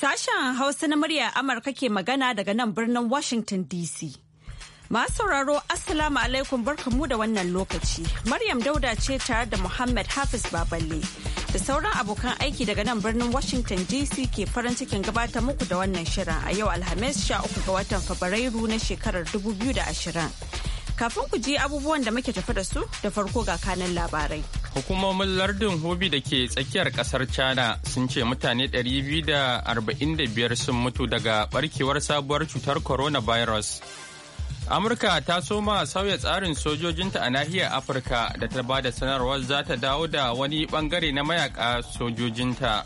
Sashen Hausa na murya Amurka ke magana daga nan birnin Washington DC. Masu sauraro Assalamu alaikum barkamu da wannan lokaci. Maryam Dauda ce tare da Muhammad Hafiz Baballe da sauran abokan aiki daga nan birnin Washington DC ke farin cikin gabata muku da wannan shirin a yau Alhamis 13 ga watan Fabrairu na shekarar 2020. Kafin ku ji abubuwan da muke tafi da su da farko ga kanan labarai. Hukumomin lardin hobi da ke tsakiyar kasar China sun ce mutane 245 sun mutu daga barkewar sabuwar cutar coronavirus. Amurka ta soma sauya tsarin sojojinta a nahiyar Afirka da ta ba da sanarwar za ta dawo da wani bangare na mayaka sojojinta.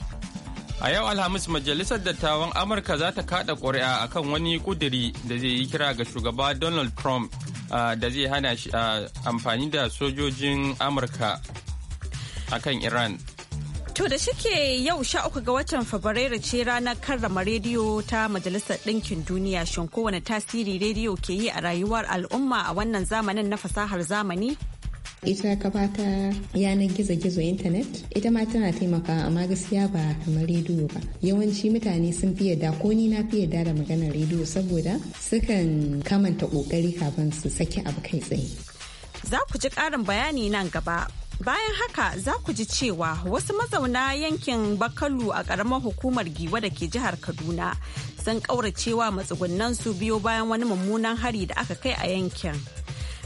A yau Alhamis Majalisar Dattawan Amurka za ta kada ƙuri'a akan wani kuduri da zai yi kira ga shugaba Donald Trump da zai hana shi amfani da sojojin Amurka akan Iran. To da shike yau sha uku ga watan Fabrairu ce ranar karrama rediyo ta Majalisar Ɗinkin Duniya shin kowane tasiri rediyo ke yi a rayuwar al'umma a wannan zamanin na fasahar zamani? ita kafa ta yanar gizo-gizo intanet ita ma tana taimakawa amma gaskiya ba kamar rediyo ba yawanci mutane sun fi yadda ko ni na fi yadda da maganar rediyo saboda sukan kamanta kokari kafin su saki abu kai tsaye za ku ji ƙarin bayani nan gaba bayan haka za ku ji cewa wasu mazauna yankin bakalu a ƙaramar hukumar giwa da ke jihar kaduna sun ƙauracewa su biyo bayan wani mummunan hari da aka kai a yankin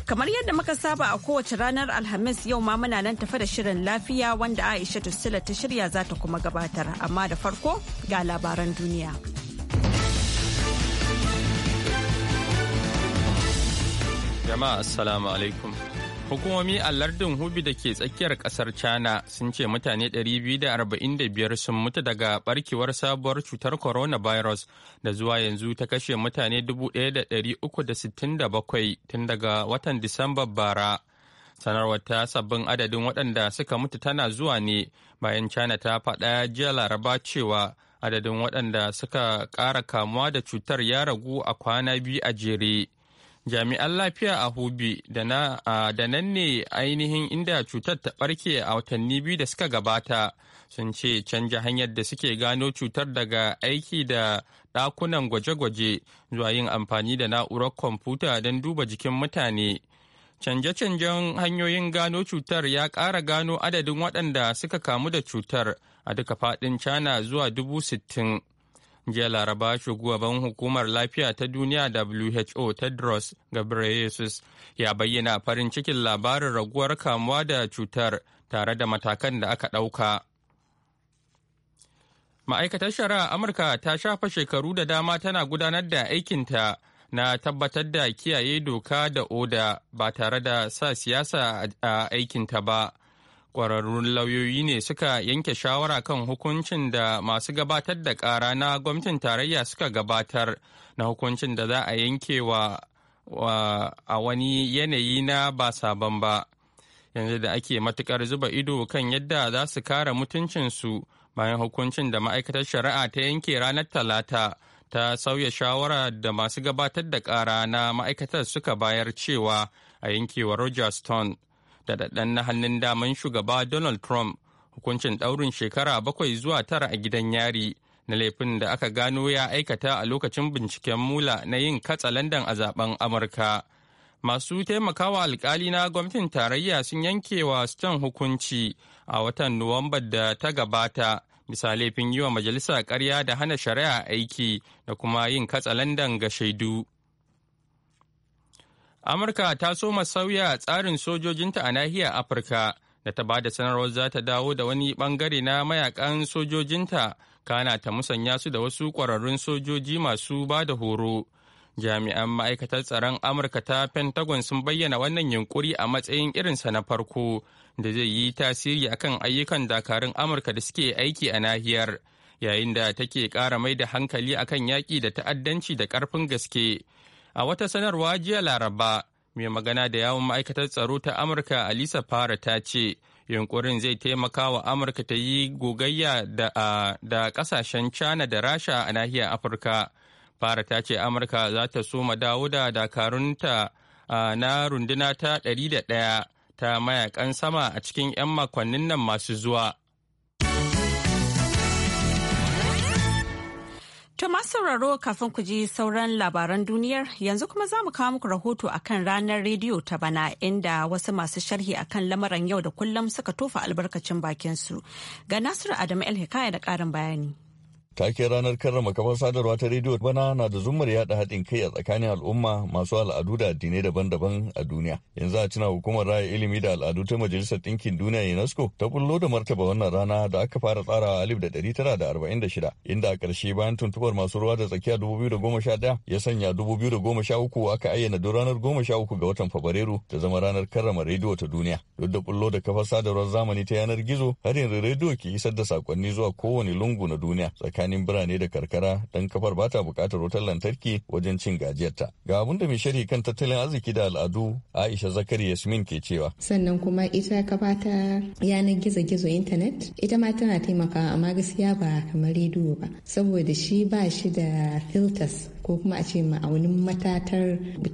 Kamar yadda muka saba a kowace ranar Alhamis yau ma muna nan tafa da shirin lafiya wanda Aisha Tusila ta shirya za ta kuma gabatar. Amma da farko ga labaran duniya. Jama'a Assalamu alaikum. Hukumomi a lardin Hubi da ke tsakiyar kasar China sun ce mutane 245 sun mutu daga barkewar sabuwar cutar coronavirus da zuwa yanzu ta kashe mutane 1,367 tun daga watan disamba bara. Sanarwar ta sabbin adadin waɗanda suka mutu tana zuwa ne bayan China ta faɗa jiya laraba cewa adadin waɗanda suka ƙara kamuwa da cutar ya ragu a kwana biyu a jere. jami'an lafiya a hobi da nan ne ainihin inda cutar ta barke a watanni biyu da suka gabata sun ce canja hanyar da suke gano cutar daga aiki da ɗakunan gwaje-gwaje zuwa yin amfani da na'urar kwamfuta don duba jikin mutane canje-canjen hanyoyin gano cutar ya ƙara gano adadin waɗanda suka kamu da cutar a duka faɗin china zuwa dubu sittin. jiya laraba shugaban hukumar lafiya ta duniya who tedros ghebreyesus ya bayyana farin cikin labarin raguwar kamuwa da cutar tare da matakan da aka ɗauka ma'aikatar shari'a amurka ta shafa shekaru da dama tana gudanar da aikinta na tabbatar da kiyaye doka da oda ba tare da sa siyasa a aikinta ba kwararrun lauyoyi ne suka yanke shawara kan hukuncin da masu gabatar da ƙara na gwamnatin tarayya suka gabatar na hukuncin da za a yanke wa a wani yanayi na ba sabon ba. Yanzu da ake matukar zuba ido kan yadda za su kare mutuncinsu bayan hukuncin da ma'aikatar shari'a ta yanke ranar talata ta sauya shawara da masu gabatar da ƙara na ma'aikatar suka bayar cewa a yankewa Roger Stone. da daɗan na hannun daman shugaba Donald Trump hukuncin ɗaurin shekara bakwai zuwa tara a gidan yari na laifin da aka gano ya aikata a lokacin binciken mula na yin katsa katsalandan a zaben Amurka. Masu taimakawa alkali na gwamnatin tarayya sun yanke wa Stan hukunci a watan nuwamba da ta gabata. bisa laifin yi wa majalisa karya da hana shari'a aiki da kuma yin katsa katsalandan ga shaidu. Amurka ta soma sauya tsarin sojojinta a nahiyar Afirka da ta bada sanarwar za ta dawo da wani bangare na mayakan sojojinta kana ta musanya su da wasu kwararrun sojoji masu ba da horo. Jami'an ma'aikatar tsaron Amurka ta Pentagon sun bayyana wannan yunkuri a matsayin irinsa na farko da zai yi tasiri akan ayyukan dakarun Amurka da suke aiki a nahiyar, yayin da take ƙara mai da hankali akan yaƙi da ta'addanci da ƙarfin gaske. A wata sanarwa jiya Laraba, mai magana da yawon ma'aikatar tsaro ta Amurka Alisa Fara ta ce, yunkurin zai taimaka wa Amurka ta yi gogayya da ƙasashen China da Rasha a nahiyar Afirka. Fara ta ce Amurka za ta soma dawo da dakarunta na runduna ta 101 ta mayakan sama a cikin 'yan makonnin nan masu zuwa. To masu sauraro kafin ku ji sauran labaran duniyar yanzu kuma za mu kawo muku rahoto akan ranar rediyo ta bana inda wasu masu sharhi akan lamarin yau da kullum suka tofa albarkacin bakinsu. Ga Nasiru Adamu El Hikaya da ƙarin bayani. Take ranar karrama kafar sadarwa ta rediyo bana na da zumar yada haɗin kai a tsakanin al'umma masu al'adu da addinai daban-daban a duniya. Yanzu a cina hukumar raya ilimi da al'adu ta Majalisar Ɗinkin Duniya UNESCO ta bullo da martaba wannan rana da aka fara tsarawa alif da ɗari tara da arba'in da shida inda a ƙarshe bayan tuntuɓar masu ruwa da tsakiya dubu biyu da goma sha ɗaya ya sanya dubu biyu da goma sha uku aka ayyana don ranar goma sha uku ga watan Fabrairu ta zama ranar karrama rediyo ta duniya. Duk da bullo da kafar sadarwar zamani ta yanar gizo har yanzu rediyo ke isar da sakonni zuwa kowane lungu na duniya tsakanin tsakanin birane da karkara don kafar ba ta buƙatar wutar lantarki wajen cin gajiyarta. Ga abin da mai sharhi kan tattalin arziki da al'adu Aisha Zakari Yasmin ke cewa. Sannan kuma ita kafa ta yanar gizo-gizo intanet ita ma tana taimakawa amma gaskiya ba kamar rediyo ba saboda shi ba shi da filters ko kuma a ce ma'aunin matatar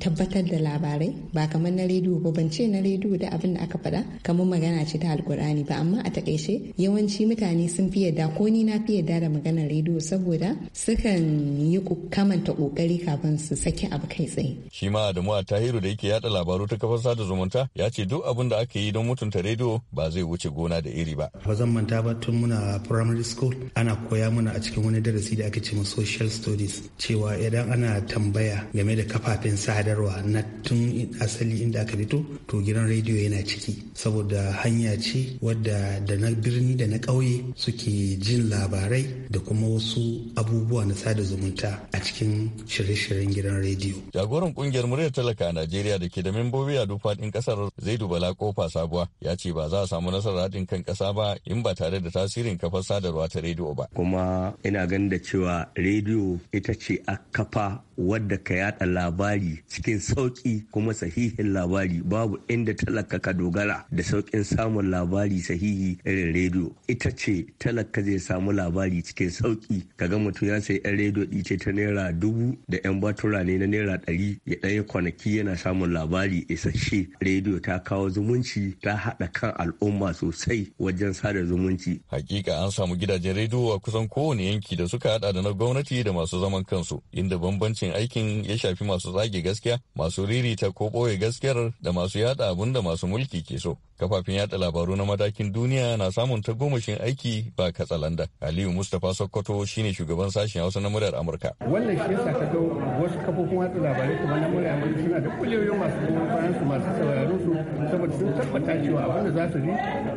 tabbatar da labarai ba kamar na rediyo ba ban ce na rediyo da abin da aka faɗa kamar magana ce ta alkur'ani ba amma a takaice yawanci mutane sun fi yadda ko ni na fi yadda da maganar rediyo saboda sukan yi kamanta kokari kafin su saki abu kai tsaye. shi ma da mu tahiru da yake yada labaru ta kafar sada zumunta ya ce duk abin da aka yi don mutunta rediyo ba zai wuce gona da iri ba. ba zan manta ba tun muna primary school ana koya muna a cikin wani darasi da ake ce social studies cewa idan idan ana tambaya game da kafafen sadarwa na tun asali inda aka fito to gidan rediyo yana ciki saboda hanya ce wadda da na birni da na ƙauye suke jin labarai da kuma wasu abubuwa na sada zumunta a cikin shirye-shiryen gidan rediyo. Jagoran kungiyar muryar talaka a Najeriya da ke da membobi a dufaɗin kasar ƙasar duba Bala Kofa Sabuwa ya ce ba za a samu nasarar haɗin kan ƙasa ba in ba tare da tasirin kafar sadarwa ta rediyo ba. Kuma ina ganin da cewa rediyo ita ce a hapa wadda ka yada labari cikin sauki kuma sahihin labari babu inda talaka ka dogara da saukin samun labari sahihi irin rediyo ita ce talaka zai samu labari cikin sauki ga mutum ya sayi yan rediyo ɗice ta naira dubu da yan batura ne na naira ɗari ya ɗaya kwanaki yana samun labari isasshe rediyo ta kawo zumunci ta haɗa kan al'umma sosai wajen sada zumunci hakika an samu gidajen rediyo a kusan kowane yanki da suka haɗa da na gwamnati da masu zaman kansu inda bambanci mahimmancin aikin ya shafi masu zage gaskiya, masu riri ta ko ɓoye gaskiyar da masu yada abun da masu mulki ke so. kafafen yada labaru na matakin duniya na samun tagomashin aiki ba katsalanda aliyu mustapha sokoto shine shugaban sashen hausa na muryar amurka wannan shi yasa ka wasu kafofin watsa labarai kuma na muryar amurka suna da kulliyoyin masu goyon bayan su masu sauraron su saboda sun tabbata cewa abin da za su ji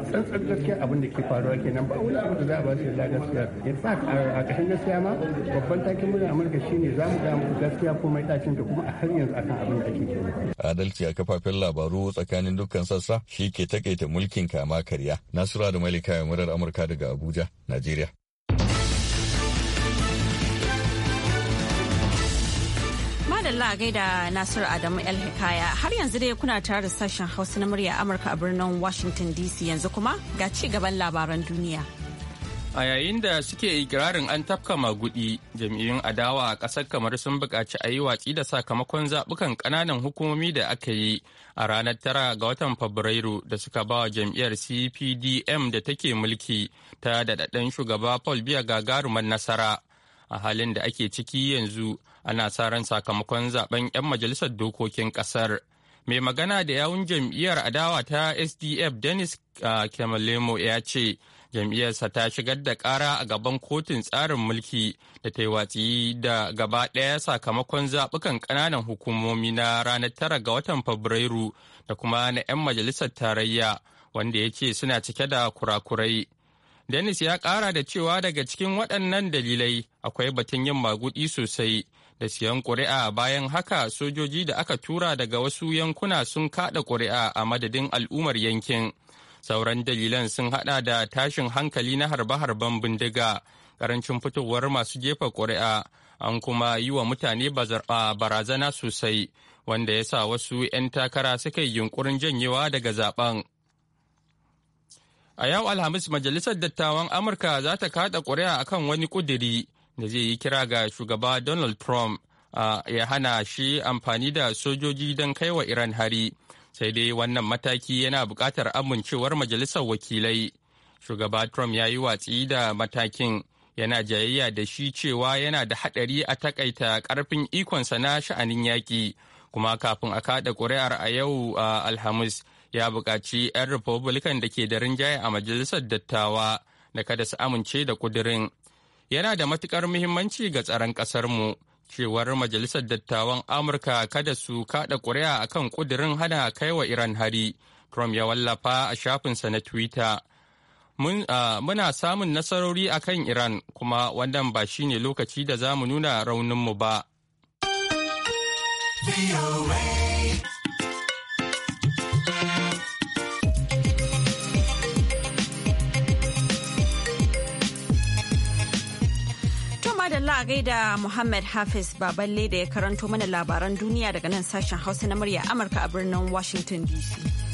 tsantsan gaskiya abin da ke faruwa kenan ba wani abin da za a ba su da gaskiya in fact a ƙarshen gaskiya ma babban takin muryar amurka shine za mu ga muku gaskiya komai dacin ta kuma a har yanzu akan abin da ake adalci a kafafen labaru tsakanin dukkan sassa shi ke takaita mulkin kama karya. Nasura da Malika ya murar Amurka daga Abuja, Najeriya. Madalla gaida Nasiru Adamu El Hikaya har yanzu dai kuna tare da sashen Hausa na murya Amurka a birnin Washington DC yanzu kuma ga ci gaban labaran duniya. a yayin da suke ikirarin an tafka magudi jam'iyyun adawa a ƙasar kamar sun buƙaci a yi watsi da sakamakon zaɓukan ƙananan hukumomi da aka yi a ranar tara ga watan fabrairu da suka ba wa jam'iyyar cpdm da take mulki ta daɗaɗɗen shugaba paul biya gagarumar nasara a halin da ake ciki yanzu ana sa ran sakamakon zaɓen 'yan majalisar dokokin ƙasar mai magana da yawun jam'iyyar adawa ta sdf dennis uh, ya ce jam'iyyarsa ta shigar da ƙara a gaban kotun tsarin mulki da ta yi watsi da gaba ɗaya sakamakon zaɓukan ƙananan hukumomi na ranar tara ga watan fabrairu da kuma na 'yan majalisar tarayya wanda ya ce suna cike da kurakurai dennis ya ƙara da cewa daga cikin waɗannan dalilai akwai batun yin maguɗi sosai da siyan ƙuri'a bayan haka sojoji da aka tura daga wasu yankuna sun kaɗa ƙuri'a a madadin al'ummar yankin Sauran dalilan sun hada da tashin hankali na harbe-harben bindiga, karancin fitowar masu jefa ƙuri'a, an kuma yi wa mutane barazana sosai, wanda ya sa wasu 'yan takara suka yi yunkurin janyewa daga zaben. A yau Alhamis Majalisar Dattawan Amurka za ta kada ƙuri'a akan wani ƙudiri da zai yi kira ga shugaba Donald Trump ya hana shi amfani da sojoji don kai wa Iran hari sai dai wannan mataki yana buƙatar amincewar majalisar wakilai shugaba trump ya yi watsi da matakin yana jayayya da shi cewa yana da haɗari a takaita ƙarfin ikonsa na sha'anin yaƙi kuma kafin a kaɗa ƙuri'ar a yau a alhamis ya buƙaci 'yan republican da ke da rinjaye a majalisar dattawa da kada su amince da ƙudirin yana da matukar muhimmanci ga tsaron ƙasarmu mu cewar majalisar dattawan amurka kada su kada ƙuri'a akan ƙudirin hana kaiwa iran hari trump ya wallafa a shafinsa na twitter Mun, uh, muna samun nasarori a kan Iran kuma wannan ba shi ne lokaci da za mu nuna rauninmu ba. a gaida Muhammad Hafiz Baballe da ya karanto mana labaran duniya daga nan sashen Hausa na murya Amurka a birnin Washington DC.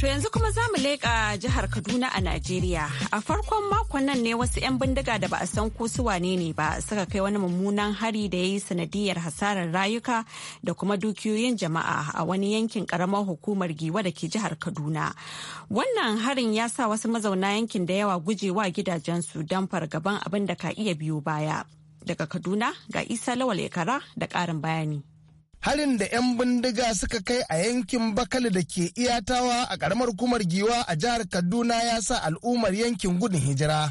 To yanzu kuma za mu leƙa jihar Kaduna a Najeriya. A farkon makon nan ne wasu 'yan bindiga da ba a san ko su wane ne ba suka kai wani mummunan hari da ya yi sanadiyar hasarar rayuka da kuma dukiyoyin jama'a a wani yankin karamar hukumar Giwa da ke jihar Kaduna. Wannan harin ya sa wasu mazauna yankin da yawa gujewa gidajensu don fargaban abin da ka iya biyo baya. Daga Kaduna ga Isa Lawal Ekara da ƙarin bayani. harin da 'yan bindiga suka kai a yankin bakali da ke iyatawa a karamar kumar giwa a jihar kaduna ya sa al'ummar yankin gudun hijira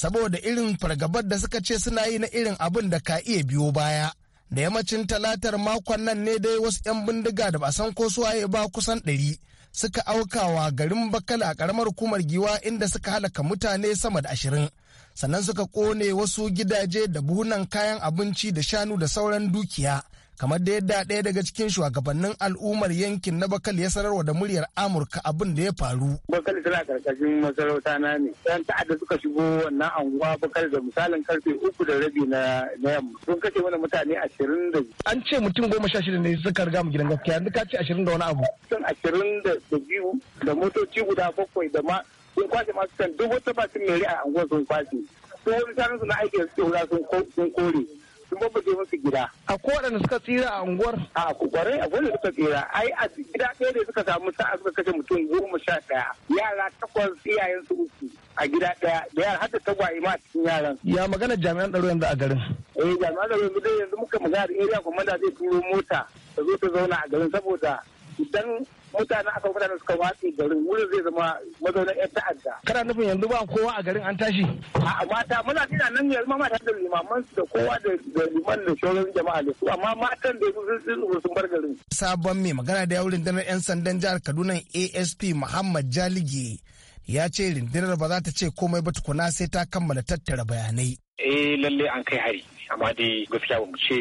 saboda irin fargabar da suka ce suna yi na irin abin da ka iya biyo baya da yammacin talatar makon nan ne dai wasu 'yan bindiga da ba san ko suwaye ba kusan ɗari suka aukawa garin bakali a karamar kumar giwa inda suka halaka mutane sama da ashirin sannan suka kone wasu gidaje da buhunan kayan abinci da shanu da sauran dukiya kamar da yadda ɗaya daga cikin shugabannin al'ummar yankin na bakal ya sanarwa da muryar amurka abin da ya faru bakal tana karkashin masarauta na ne yan ta'adda suka shigo wannan anguwa bakal da misalin karfe uku da rabi na yamma sun kashe mana mutane ashirin da an ce mutum goma sha shida ne suka riga mu gidan gaskiya yanzu ka ce ashirin da wani abu sun ashirin da biyu da motoci guda bakwai da ma sun kwashe masu kan duk wata basin mai a anguwa sun kwashe sun wani sanin su na aiki suke wura sun kore sun je musu gida. A kowaɗanda suka tsira a unguwar? A kwarai a wanda suka tsira. Ai a gida ɗaya da suka samu sa'a suka kashe mutum goma sha ɗaya. Yara takwas iyayen su uku a gida ɗaya da yara har da tagwaye ma a cikin yaran. Ya magana jami'an tsaro yanzu a garin? Eh jami'an tsaro yanzu dai yanzu muka magana da area commander zai turo mota ta zo ta zauna a garin saboda idan mutane aka mutane suka watsi garin wurin zai zama mazauna yan ta'adda kana nufin yanzu ba kowa a garin an tashi a mata muna tana nan yanzu ma mata da limaman su da kowa da liman da shoron jama'a da su amma matan da sun sun bar garin sabon mai magana da yawon rundunar yan sandan jihar Kaduna ASP Muhammad Jalige ya ce rundunar ba za ta ce komai ba tukuna sai ta kammala tattara bayanai eh lalle an kai hari amma dai gaskiya ba mu ce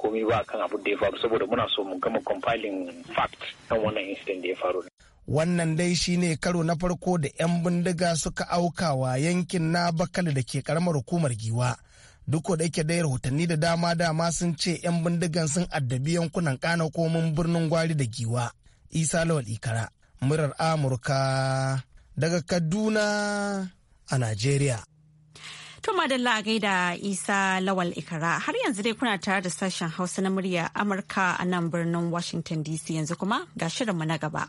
komai ba kan abin da ya faru saboda muna so mu gama compiling fact kan wannan incident da ya faru wannan dai shine karo na farko da 'yan bindiga suka auka wa yankin na bakali da ke karamar hukumar giwa duk da yake dai rahotanni da dama dama sun ce 'yan bindigan sun addabi yankunan kana komin birnin gwari da giwa isa lawal ikara murar amurka daga kaduna a najeriya Tuma da gaida Isa Lawal Ikara har yanzu dai kuna tare da sashen Hausa na murya Amurka a nan birnin Washington DC yanzu kuma ga shirinmu na gaba.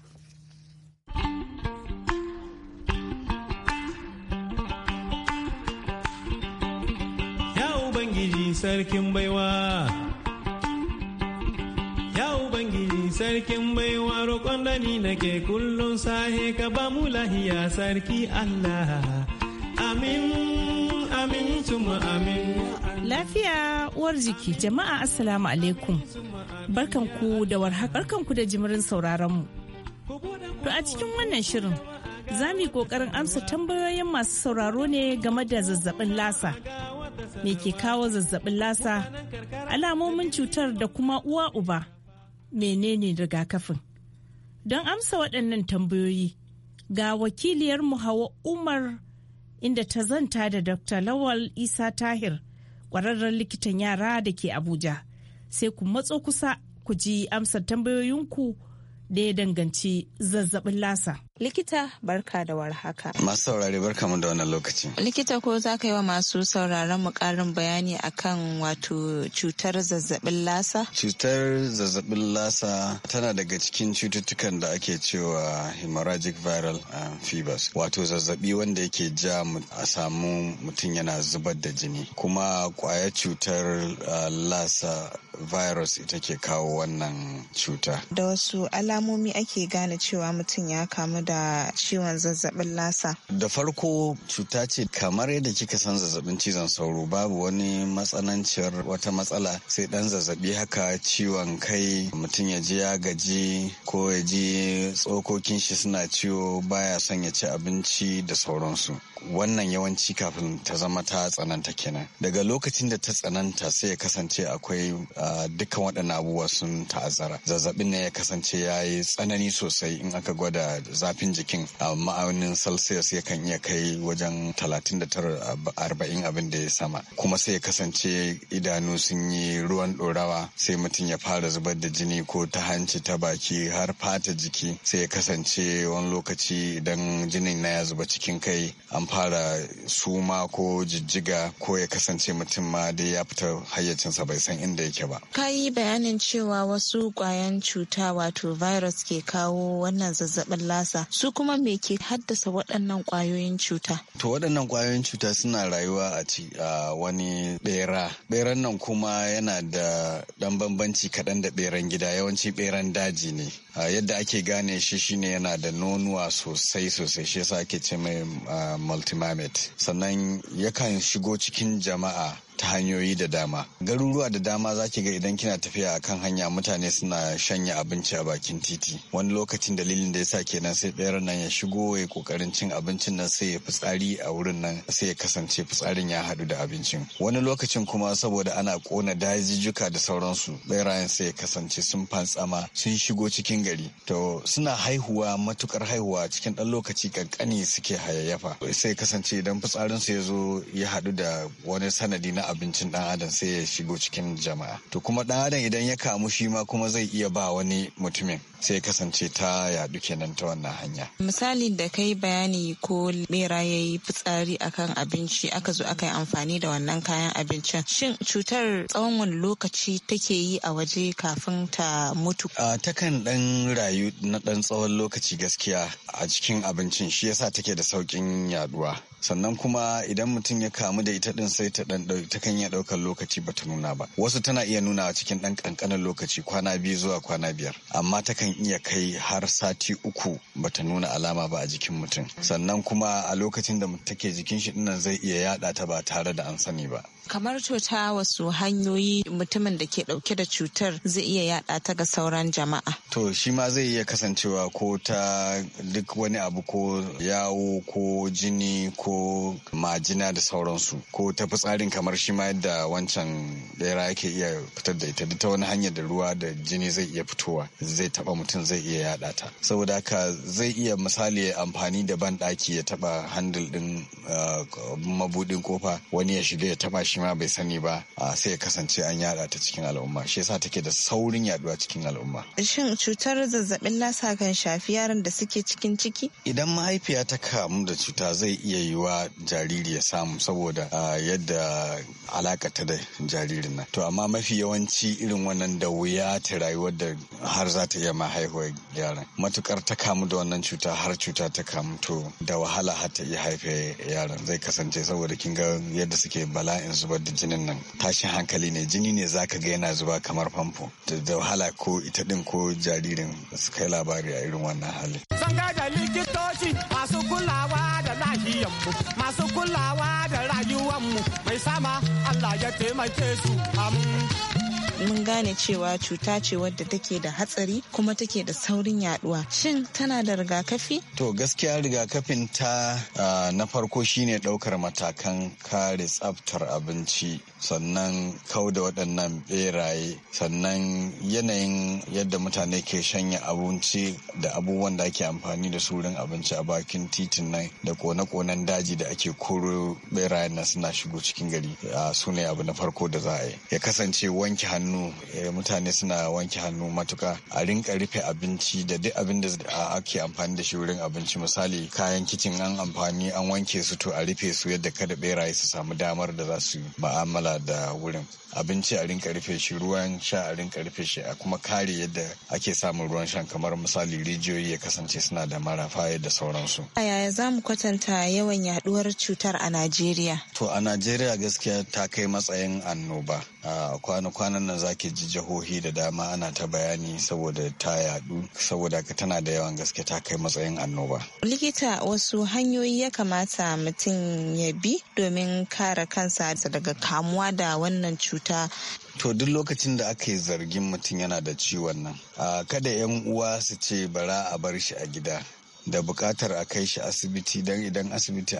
Ya Ubangiji sarkin baiwa Ya Ubangiji sarkin baiwa roƙon da ni nake kullum sahe ka ba mu lahiya sarki Allah. Amin. Lafiya uwar jiki jama'a Assalamu alaikum. Barkanku da warhaka da jimirin sauraronmu. To a cikin wannan shirin za mu yi kokarin amsa tambayoyin masu sauraro ne game da zazzabin lasa. Me ke kawo zazzabin lasa? Alamomin cutar da kuma uwa uba. Menene rigakafin? Don amsa waɗannan tambayoyi ga wakiliyar mu Hawa Umar inda ta zanta da Dr. Lawal Isa Tahir, ƙwararren likitan yara da ke Abuja. Sai ku matso kusa ku ji amsar tambayoyinku da ya danganci zazzabin lasa. Likita barka da warhaka. Masu saurare barka mu da wannan lokaci. Likita ko za ka yi wa masu sauraron mu karin bayani akan wato cutar zazzabin lasa? Cutar zazzabin lasa tana daga cikin cututtukan da ake cewa hemorrhagic viral eh, fevers wato zazzabi wanda yake ja a samu mutum yana zubar da jini kuma kwaya cutar eh, lasa virus ita ke kawo wannan cuta. Da wasu alamomi ake gane cewa mutum ya kamu da ciwon zazzabin lasa? Da farko cuta ce kamar yadda kika san zazzabin cizon sauro babu wani matsananciyar wata matsala sai dan zazzabi haka ciwon kai mutum ya ji ya gaji ko ya ji tsokokin shi suna ciwo baya son ya ci abinci da sauransu. Wannan yawanci kafin ta zama ta tsananta kenan. Daga lokacin da ta tsananta sai ya kasance akwai dukkan waɗannan abubuwa sun ta'azzara. Zazzabin ne ya kasance ya yi tsanani sosai in aka gwada zafi zafin jikin a ma'aunin celsius yakan iya kai wajen 39-40 abin da ya sama kuma sai ya kasance idanu sun yi ruwan ɗorawa sai mutum ya fara zubar da jini ko ta hanci ta baki har fata jiki sai ya kasance wani lokaci idan jinin na ya zuba cikin kai an fara suma ko jijjiga ko ya kasance mutum ma dai ya fita hayyacinsa bai san inda yake ba. Ka yi bayanin cewa wasu kwayan cuta wato virus ke kawo wannan zazzabin lasa su kuma me ke haddasa waɗannan ƙwayoyin cuta to waɗannan ƙwayoyin cuta suna rayuwa a ci a wani ɓera ɓeran nan kuma yana da ɗan bambanci kaɗan da ɓeran gida yawanci ɓeran daji ne a yadda ake gane shi shine yana da nonuwa sosai sosai shi yasa ake ce mai multimamet sannan yakan shigo cikin jama'a ta hanyoyi da dama garuruwa da dama za ki ga idan kina tafiya a kan hanya mutane suna shanya abinci a bakin titi wani lokacin dalilin da ya sa kenan sai ɓeran nan ya shigo ya kokarin cin abincin nan sai ya fitsari a wurin nan sai ya kasance fitsarin ya haɗu da abincin wani lokacin kuma saboda ana kona dajijjuka da sauransu ɓerayen sai ya kasance sun fantsama sun shigo cikin gari to suna haihuwa matukar haihuwa cikin ɗan lokaci kankani suke hayayyafa sai kasance idan fitsarinsu ya zo ya haɗu da wani sanadi na abincin dan adam sai ya shigo cikin jama'a to kuma dan adam idan ya kamu shi ma kuma zai iya ba wani mutumin sai kasance ta yadu kenan ta wannan hanya misali da kai bayani ko bera ya yi fitsari akan abinci aka zo aka yi amfani da wannan kayan abincin shin cutar tsawon wani lokaci take yi a waje kafin ta mutu takan dan rayu na dan tsawon lokaci gaskiya a cikin abincin shi yasa take da saukin yaduwa sannan kuma idan mutum ya kamu da ita din sai ta dan ta kan iya daukar lokaci bata nuna ba wasu tana iya nunawa cikin dan kankanin lokaci kwana biyu zuwa kwana biyar amma ta kan iya kai har sati uku bata nuna alama ba a jikin mutum sannan kuma a lokacin da take jikin shi dinnan zai iya yada ta ba tare da an sani ba kamar cuta wasu hanyoyi mutumin da ke dauke da cutar zai iya yada ta ga sauran jama'a to shi ma zai iya kasancewa ko ta duk wani abu ko yawo ko jini ko ko majina da sauransu ko ta fitsarin kamar shi ma yadda wancan bera yake iya fitar da ita ta wani hanyar da ruwa da jini zai iya fitowa zai taba mutum zai iya yada ta saboda haka zai iya misali amfani da ban daki ya taba handle din uh, mabudin kofa wani ya shiga ya taba shi ma bai sani ba uh, sai ya kasance an yada ta cikin al'umma shi yasa take da saurin yaduwa cikin al'umma shin cutar zazzabin lasa kan shafi yaran da suke cikin ciki idan mahaifiya ta kamu da cuta zai iya yiwuwa Wa jariri ya samu saboda yadda alaka ta da jaririn nan to amma mafi yawanci irin wannan da wuya ta rayuwar da har za ta iya ma haihuwar yaran matukar ta kamu da wannan cuta har cuta ta kamu to da wahala har ta iya haife yaran zai kasance saboda kin ga yadda suke bala'in zubar da jinin nan tashin hankali ne jini ne zaka ga yana zuba kamar famfo da wahala ko ita din ko jaririn su kai labari a irin wannan hali. Sanga da likitoci masu kulawa mu masu kulawa da rayuwanmu mai sama Allah ya taimake su mun gane cewa cuta ce wadda take da hatsari kuma take da saurin yaduwa shin tana da rigakafi to gaskiya rigakafin ta ah, na farko shine daukar matakan kare tsaftar abinci sannan kau da waɗannan beraye sannan yanayin yadda mutane ke shanya abinci da abubuwan da ake amfani da surin abinci a bakin titin nan da kone-konen daji da ake koro berayen nan suna shigo cikin gari su ne abu na farko da za a yi ya kasance wanke hannu eh, mutane suna wanke hannu matuka a rinka rufe abinci da duk abin da ake amfani da shi wurin abinci misali kayan kicin an amfani an wanke su to a rufe su yadda kada beraye su samu damar da za su ma'amala da wurin abinci a rinka rufe shi ruwan sha a rinka rufe shi a kuma kare yadda ake samun ruwan shan kamar misali rijiyoyi ya kasance suna da marafa da sauransu. a Yaya za mu kwatanta yawan yaduwar cutar a Najeriya? To a Najeriya gaskiya ta kai matsayin annoba. A kwana-kwanan nan zaki ji jihohi da dama ana ta bayani saboda ta yadu saboda ka tana da yawan gaske ta kai matsayin annoba. Likita wasu hanyoyi ya kamata mutum ya bi domin kare kansa daga kamu kamuwa da wannan cuta to duk lokacin da aka yi zargin mutum yana da ciwon nan kada 'yan uwa su ce bara a bar shi a gida da bukatar a kai shi asibiti don idan asibiti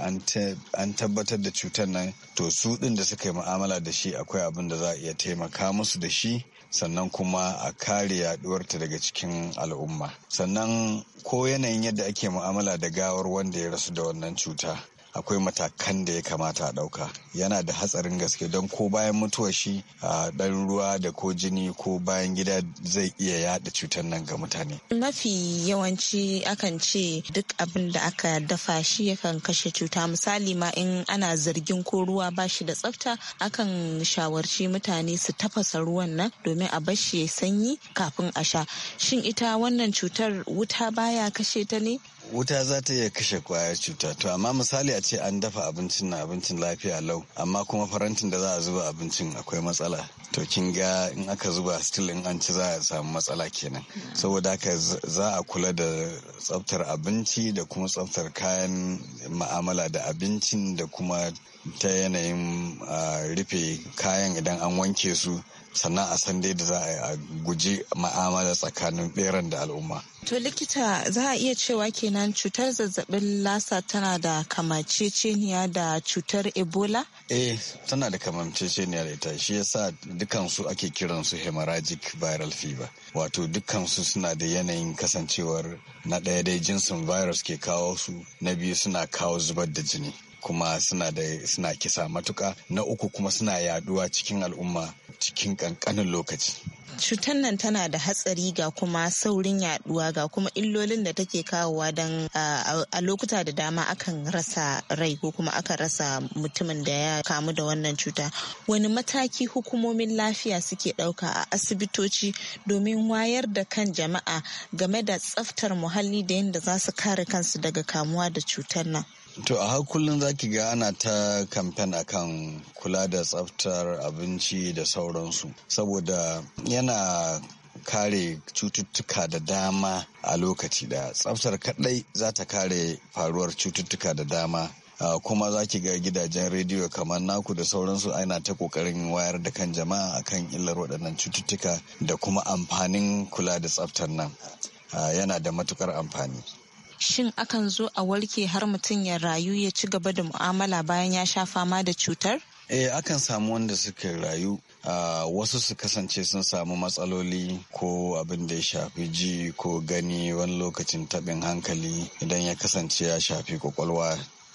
an tabbatar da cutar nan to su ɗin da suka yi mu'amala da shi akwai abin da za a iya taimaka musu da shi sannan kuma a kare yaɗuwarta daga cikin al'umma sannan ko yanayin yadda ake mu'amala da gawar wanda ya rasu da wannan cuta akwai matakan da ya kamata a ɗauka yana da hatsarin gaske don ko bayan mutuwa shi a ɗan ruwa da ko jini ko bayan gida zai iya yaɗa cutar nan ga mutane mafi yawanci akan ce duk abin da aka dafa shi yakan kashe cuta misali ma in ana zargin ko ruwa ba shi da tsafta akan shawarci mutane su tafasa ruwan nan domin a bar shi sanyi kafin a sha shin ita wannan cutar wuta baya kashe ta ne wuta za ta iya kashe kwayar cuta to amma misali a ce an dafa abincin na abincin lafiya lau amma kuma farantin da za a zuba abincin akwai matsala to kin ga in aka zuba still in an ci za a samu matsala kenan saboda haka za a kula da tsaftar abinci da kuma tsaftar kayan ma'amala da abincin da kuma ta yanayin rufe kayan idan an wanke su sannan a san da za a guji ma'amala tsakanin beran da al'umma. To likita za a iya cewa kenan cutar zazzabin lasa tana da kamaceceniya da cutar ebola? Eh tana da kamaceceniya da ita shi yasa dukansu ake su hemorrhagic viral fever wato dukansu suna da yanayin kasancewar na ɗaya dai jinsin virus ke kawo su na biyu suna kawo zubar da jini kuma suna da suna kisa matuka na uku kuma suna yaduwa cikin al'umma cikin kankanin lokaci cutar nan tana da hatsari ga kuma saurin yaduwa ga kuma illolin da take kawowa don a lokuta da dama akan rasa rai ko kuma aka rasa mutumin da ya kamu da wannan cuta wani mataki hukumomin lafiya suke ɗauka a asibitoci domin wayar da kan jama'a game da tsaftar muhalli da yadda za su kare kansu daga kamuwa da cutar nan To a har kullum za ki ga ana ta kamfen akan kula da tsaftar abinci da sauransu saboda yana kare cututtuka da dama a lokaci da tsaftar kadai za ta kare faruwar cututtuka da dama Uh, kuma za ki ga gidajen rediyo kamar naku da sauransu ana ta kokarin wayar da kan jama'a akan illar waɗannan cututtuka da kuma amfanin kula da tsaftar nan uh, yana da matukar amfani. shin akan zo a warke har mutum ya rayu ya ci gaba da mu'amala bayan ya sha fama da cutar? Eh, akan samu wanda suka rayu Uh, wasu su kasance sun samu matsaloli ko abin da ya shafi ji ko gani wani lokacin taɓin hankali idan ya kasance ya shafi kwakwalwa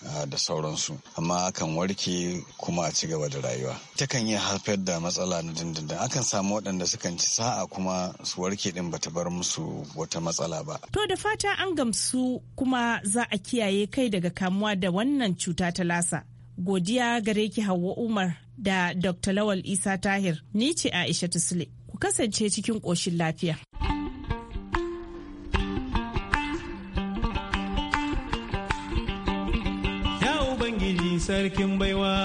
Ah, da sauransu amma akan warke kuma a ci gaba da rayuwa takan yi haifar da matsala na dindindin akan samu waɗanda sukan ci sa'a kuma su warke din ba ta bar musu wata matsala ba to da fata an gamsu kuma za a kiyaye kai daga kamuwa da wannan cuta ta lasa godiya gare ki hawa umar da dr lawal isa tahir ni ce aisha tusle ku kasance cikin ƙoshin lafiya sarkin baiwa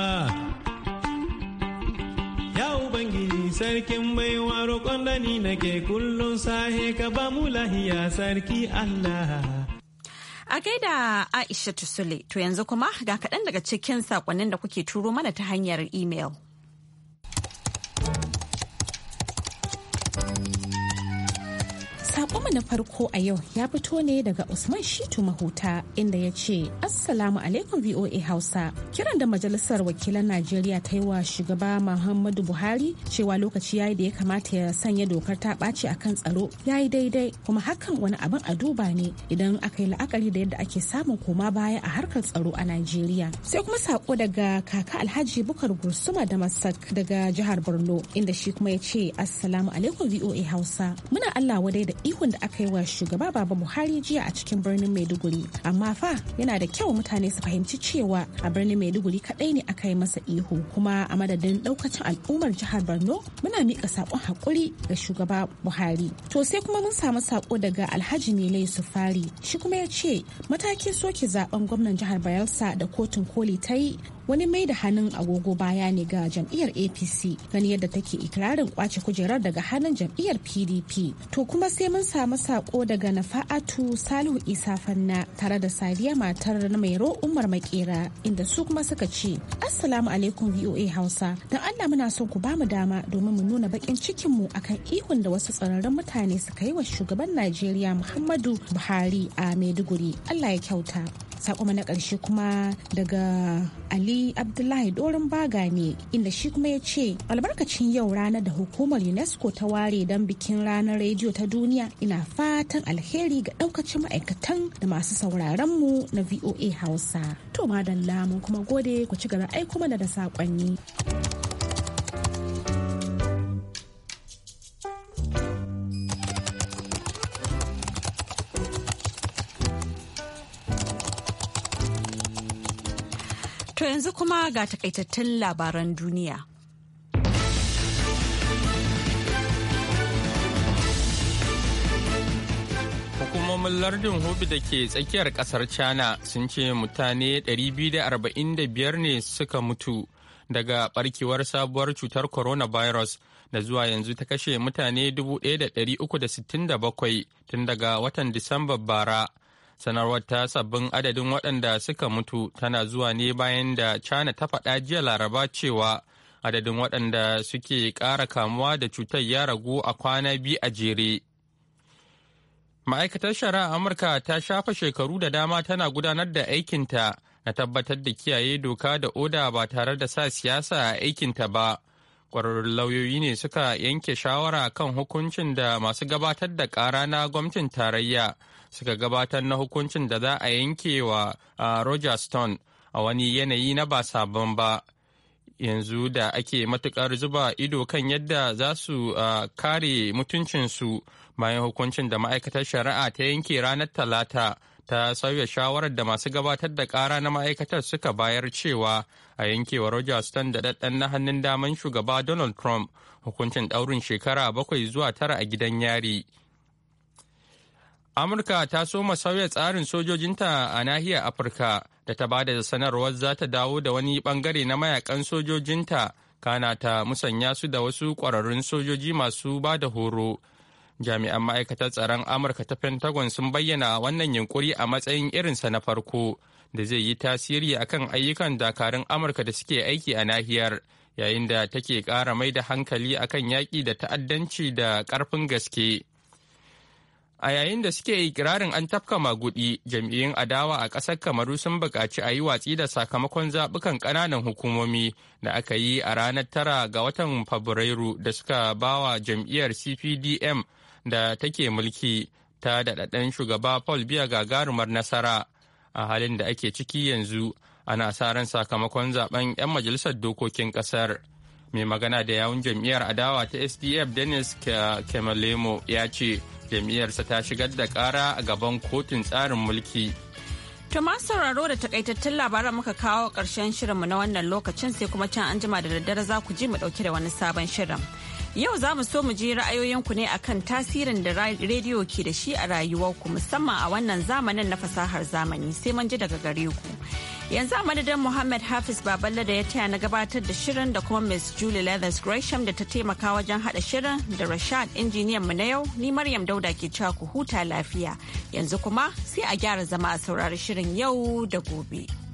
ya ubangiji sarkin baiwa roƙon da ni nake kullum sahe ka ba mu lahiya sarki allah A gaida Aisha Tusule, to yanzu kuma ga kaɗan daga cikin saƙonnin da kuke turo mana ta hanyar imel. na farko a yau ya fito ne daga Usman Shitu Mahuta inda ya ce Assalamu alaikum VOA Hausa. Kiran da Majalisar Wakilan Najeriya ta yi wa shugaba Muhammadu Buhari cewa lokaci yayi da ya kamata ya sanya dokar ta ɓaci akan tsaro ya yi daidai kuma hakan wani abin a duba ne idan aka yi la'akari da yadda ake samun koma baya a harkar tsaro a Najeriya. Sai kuma sako daga kaka Alhaji Bukar Gursuma da Masak daga jihar Borno inda shi kuma ya ce Assalamu alaikum VOA Hausa. Muna Allah wadai da ihun da aka yi wa shugaba baba buhari jiya a cikin birnin maiduguri amma fa yana da kyau mutane su fahimci cewa a birnin maiduguri kadai ne aka yi masa ihu kuma a madadin ɗaukacin al'ummar jihar borno muna mika sakon haƙuri ga shugaba buhari to sai kuma mun samu sako daga alhaji nile sufari shi kuma ya ce matakin soke zaben gwamnan jihar bayelsa da kotun koli ta yi wani mai da hannun agogo baya ne ga jam'iyyar apc gani yadda take ikirarin kwace kujerar daga hannun jam'iyyar pdp to kuma sai mun samu sako daga nafa'atu salihu isa fanna tare da sadiya matar na mairo umar makera inda su kuma suka ce assalamu alaikum voa hausa don allah muna son ku bamu dama domin mu nuna bakin cikinmu akan ihun da wasu tsararren mutane suka yi wa shugaban najeriya muhammadu buhari a maiduguri allah ya kyauta sakoma na karshe kuma daga ali abdullahi dorin baga ne inda shi kuma ya ce albarkacin yau ranar da hukumar unesco ta ware don bikin ranar rediyo ta duniya ina fatan alheri ga ɗaukacin ma'aikatan da masu sauraron mu na voa hausa to madalla mun kuma gode ku ci gaba aiko mana da sakonni. To yanzu kuma ga takaitattun labaran duniya. Hukumomin lardin Hobi da ke tsakiyar kasar China sun ce mutane 245 ne suka mutu daga barkewar sabuwar cutar coronavirus da zuwa yanzu ta kashe mutane 1,367 tun daga watan Disamba bara. sanarwar ta sabbin adadin waɗanda suka mutu tana zuwa ne bayan da china ta faɗa jiya laraba cewa adadin waɗanda suke ƙara kamuwa da cutar ya ragu a kwana biyu a jere ma'aikatar shari'a amurka ta shafa shekaru da dama tana gudanar da aikinta na tabbatar da kiyaye doka da oda ba tare da sa siyasa a aikinta ba ƙwararrun lauyoyi ne suka yanke shawara kan hukuncin da masu gabatar da ƙara na gwamnatin tarayya suka gabatar na hukuncin da za a yanke wa roger stone a wani yanayi na ba sabon ba yanzu da ake matukar zuba ido kan yadda za su kare mutuncinsu bayan hukuncin da ma'aikatar shari'a ta yanke ranar talata ta sauya shawarar da masu gabatar da kara na ma'aikatar suka bayar cewa a yankewa Roger Stone da ɗaɗɗan na hannun daman shugaba Donald Trump hukuncin ɗaurin shekara bakwai zuwa tara a gidan yari. Amurka ta soma sauya tsarin sojojinta a nahiyar Afirka da ta bada sanarwar za ta dawo da wani bangare na mayakan sojojinta kana ta musanya su da wasu kwararrun sojoji masu ba da horo. Jami'an ma'aikatar tsaron Amurka ta Pentagon sun bayyana wannan yunkuri a matsayin irinsa na farko da zai yi tasiri akan ayyukan dakarun Amurka da suke aiki a nahiyar. yayin da take ƙara mai da hankali akan yaƙi da ta'addanci da ƙarfin gaske. a yayin da suke ikirarin an tafka magudi jam'iyyun adawa a ƙasar kamaru sun buƙaci a yi watsi da sakamakon zaɓukan ƙananan hukumomi da aka yi a ranar tara ga watan fabrairu da suka bawa jam'iyyar cpdm da take mulki ta daɗaɗɗen shugaba paul biya gagarumar nasara a halin da ake ciki yanzu ana sa ran sakamakon zaben 'yan majalisar dokokin ƙasar mai magana da yawun jam'iyyar adawa ta sdf dennis kemalemo ya ce jam'iyyarsa ta shigar da kara a gaban kotun tsarin mulki To sauraro da takaitattun labaran muka kawo ƙarshen shirinmu na wannan lokacin sai kuma can an jima da daddare za ku ji mu ɗauki da wani sabon shirin. Yau za mu so mu ji ra'ayoyinku ne akan tasirin da rediyo ke da shi a rayuwarku musamman a wannan zamanin na fasahar zamani sai mun ji daga gare ku. Yanzu a madadin Muhammad Hafiz Baballe da ya taya na gabatar da shirin da kuma Miss Julie Leathers Gresham da ta taimaka wajen hada shirin da Rashad injiniyan mu na yau ni Maryam Dauda ke cewa ku huta lafiya. Yanzu kuma sai a gyara zama a saurari shirin yau da gobe.